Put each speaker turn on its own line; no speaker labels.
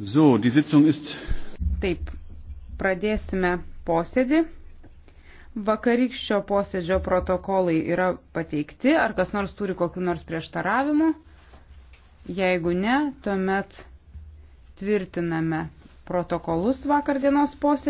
So, die Sitzung ist.
Taip, pradėsime posėdį. Vakarykščio posėdžio protokolai yra pateikti. Ar kas nors turi kokiu nors prieštaravimu? Jeigu ne, tuomet tvirtiname protokolus vakardienos
posėdžio.